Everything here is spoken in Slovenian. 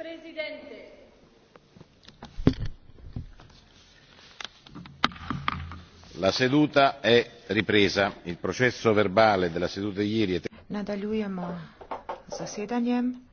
Presidente. La seduta è ripresa. Il processo verbale della seduta di ieri è... Nadaljujemo zasedanjem.